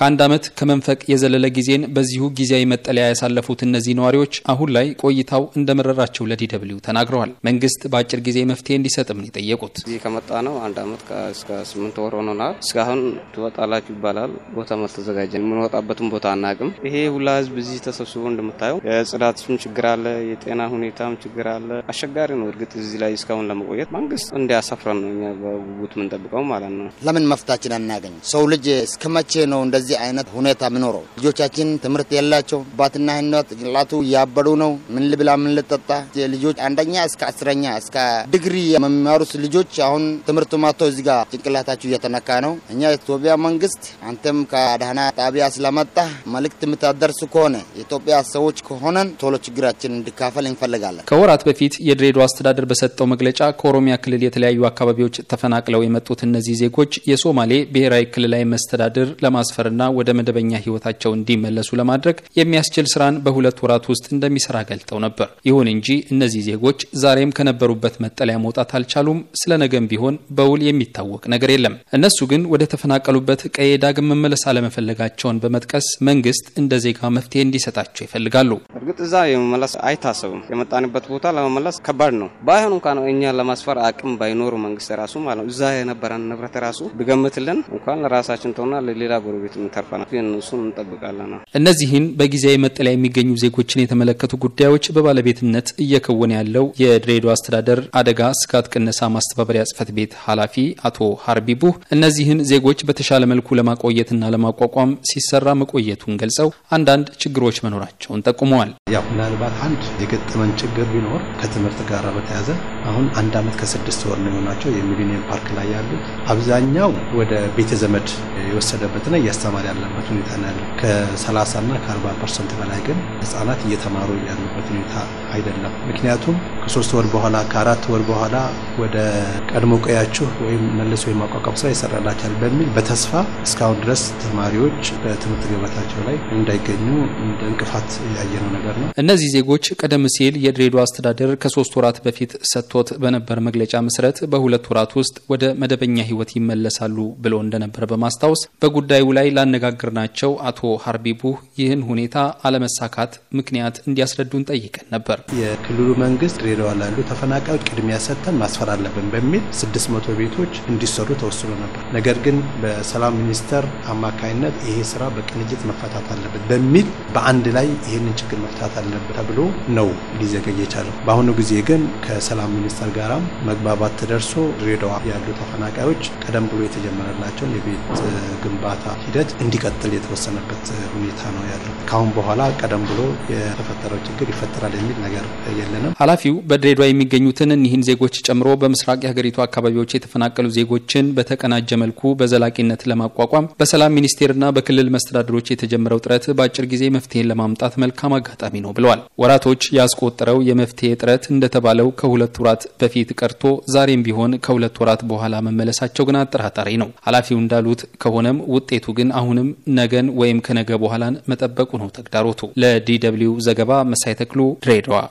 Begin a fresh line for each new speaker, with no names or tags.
ከአንድ ዓመት ከመንፈቅ የዘለለ ጊዜን በዚሁ ጊዜያዊ መጠለያ ያሳለፉት እነዚህ ነዋሪዎች አሁን ላይ ቆይታው እንደመረራቸው ለዲደብሊው ተናግረዋል። መንግስት በአጭር ጊዜ መፍትሄ እንዲሰጥም ነው የጠየቁት።
እዚህ ከመጣ ነው አንድ ዓመት እስከ ስምንት ወር ሆኖናል። እስካሁን ትወጣላችሁ ይባላል። ቦታ አልተዘጋጀን፣ የምንወጣበትን ቦታ አናቅም። ይሄ ሁላ ህዝብ እዚህ ተሰብስቦ እንደምታየው የጽዳትም ችግር አለ፣ የጤና ሁኔታም ችግር አለ። አስቸጋሪ ነው። እርግጥ እዚህ ላይ እስካሁን ለመቆየት መንግስት እንዲያሰፍረን ነው በጉጉት የምንጠብቀው ማለት ነው።
ለምን መፍታችን አናገኝ? ሰው ልጅ እስከመቼ ነው በዚህ አይነት ሁኔታ ምኖረው ልጆቻችን ትምህርት የላቸው ባትና ህነት ጭንቅላቱ እያበዱ ነው። ምን ልብላ ምን ልጠጣ ልጆች አንደኛ እስከ አስረኛ እስከ ዲግሪ የሚማሩት ልጆች አሁን ትምህርቱ ማቶ እዚህ ጋር ጭንቅላታችሁ እየተነካ ነው። እኛ የኢትዮጵያ መንግስት አንተም ከዳህና ጣቢያ ስለመጣ መልእክት የምታደርሱ ከሆነ የኢትዮጵያ ሰዎች ከሆነን ቶሎ ችግራችን እንዲካፈል እንፈልጋለን። ከወራት
በፊት የድሬዳዋ አስተዳደር በሰጠው መግለጫ ከኦሮሚያ ክልል የተለያዩ አካባቢዎች ተፈናቅለው የመጡት እነዚህ ዜጎች የሶማሌ ብሔራዊ ክልላዊ መስተዳድር ለማስፈር እንዲጀምሩና ወደ መደበኛ ህይወታቸው እንዲመለሱ ለማድረግ የሚያስችል ስራን በሁለት ወራት ውስጥ እንደሚሰራ ገልጠው ነበር። ይሁን እንጂ እነዚህ ዜጎች ዛሬም ከነበሩበት መጠለያ መውጣት አልቻሉም። ስለ ነገም ቢሆን በውል የሚታወቅ ነገር የለም። እነሱ ግን ወደ ተፈናቀሉበት ቀዬ ዳግም መመለስ አለመፈለጋቸውን በመጥቀስ መንግስት እንደ ዜጋ መፍትሄ እንዲሰጣቸው ይፈልጋሉ።
እርግጥ እዛ የመመለስ አይታሰብም። የመጣንበት ቦታ ለመመለስ ከባድ ነው። ባይሆን እንኳን እኛ ለማስፈር አቅም ባይኖሩ መንግስት ራሱ ማለት ነው እዛ የነበረን ንብረት ራሱ ብገምትልን እንኳን ለራሳችን ተሆና ለሌላ ጎረቤት ተርፈናል። ግን እሱን እንጠብቃለን።
እነዚህን በጊዜያዊ መጠለያ የሚገኙ ዜጎችን የተመለከቱ ጉዳዮች በባለቤትነት እየከወነ ያለው የድሬዳዋ አስተዳደር አደጋ ስጋት ቅነሳ ማስተባበሪያ ጽፈት ቤት ኃላፊ አቶ ሀርቢቡ እነዚህን ዜጎች በተሻለ መልኩ ለማቆየትና ለማቋቋም ሲሰራ መቆየቱን ገልጸው አንዳንድ ችግሮች መኖራቸውን ጠቁመዋል። ያው ምናልባት አንድ
የገጠመን ችግር ቢኖር ከትምህርት ጋር በተያያዘ አሁን አንድ ዓመት ከስድስት ወር ነው የሆናቸው የሚሊኒየም ፓርክ ላይ ያሉ አብዛኛው ወደ ቤተ ዘመድ የወሰደበትና እያስተማር ያለበት ሁኔታ ነው ያለው። ከ30ና ፐርሰንት በላይ ግን ህጻናት እየተማሩ ያሉበት ሁኔታ አይደለም። ምክንያቱም ከሶስት ወር በኋላ ከአራት ወር በኋላ ወደ ቀድሞ ቀያችሁ ወይም መልሶ የማቋቋም ስራ ይሰራላችኋል በሚል በተስፋ እስካሁን ድረስ ተማሪዎች በትምህርት ገበታቸው ላይ እንዳይገኙ እንደ እንቅፋት ያየነው ነገር ነው።
እነዚህ ዜጎች ቀደም ሲል የድሬዳዋ አስተዳደር ከሶስት ወራት በፊት ሰጥቶ ሰጥቶት በነበር መግለጫ መሰረት በሁለት ወራት ውስጥ ወደ መደበኛ ህይወት ይመለሳሉ ብሎ እንደነበር በማስታወስ በጉዳዩ ላይ ናቸው አቶ ሀርቢቡ ይህን ሁኔታ አለመሳካት ምክንያት እንዲያስረዱን ጠይቀን
ነበር። የክልሉ መንግስት ድሬዳዋ ላሉ ተፈናቃዮች ቅድሚያ ሰጥተን ማስፈር አለብን በሚል ስድስት መቶ ቤቶች እንዲሰሩ ተወስኖ ነበር። ነገር ግን በሰላም ሚኒስቴር አማካይነት ይሄ ስራ በቅንጅት መፈታት አለበት በሚል በአንድ ላይ ይህንን ችግር መፍታት አለበት ተብሎ ነው ሊዘገይ የቻለው። በአሁኑ ጊዜ ግን ከሰላም ሚኒስቴር ጋራም መግባባት ተደርሶ ድሬዳዋ ያሉ ተፈናቃዮች ቀደም ብሎ የተጀመረላቸውን የቤት ግንባታ ሂደት እንዲቀጥል የተወሰነበት ሁኔታ ነው ያለው። ካሁን በኋላ ቀደም ብሎ የተፈጠረው ችግር ይፈጠራል የሚል ነገር የለንም። ኃላፊው
በድሬዳዋ የሚገኙትን እኒህን ዜጎች ጨምሮ በምስራቅ የሀገሪቱ አካባቢዎች የተፈናቀሉ ዜጎችን በተቀናጀ መልኩ በዘላቂነት ለማቋቋም በሰላም ሚኒስቴርና በክልል መስተዳድሮች የተጀመረው ጥረት በአጭር ጊዜ መፍትሄን ለማምጣት መልካም አጋጣሚ ነው ብለዋል። ወራቶች ያስቆጠረው የመፍትሄ ጥረት እንደተባለው ከሁለት ወራት ከወራት በፊት ቀርቶ ዛሬም ቢሆን ከሁለት ወራት በኋላ መመለሳቸው ግን አጠራጣሪ ነው። ኃላፊው እንዳሉት ከሆነም ውጤቱ ግን አሁንም ነገን ወይም ከነገ በኋላን መጠበቁ ነው ተግዳሮቱ። ለዲ ደብልዩ ዘገባ መሳይ ተክሉ ድሬዳዋ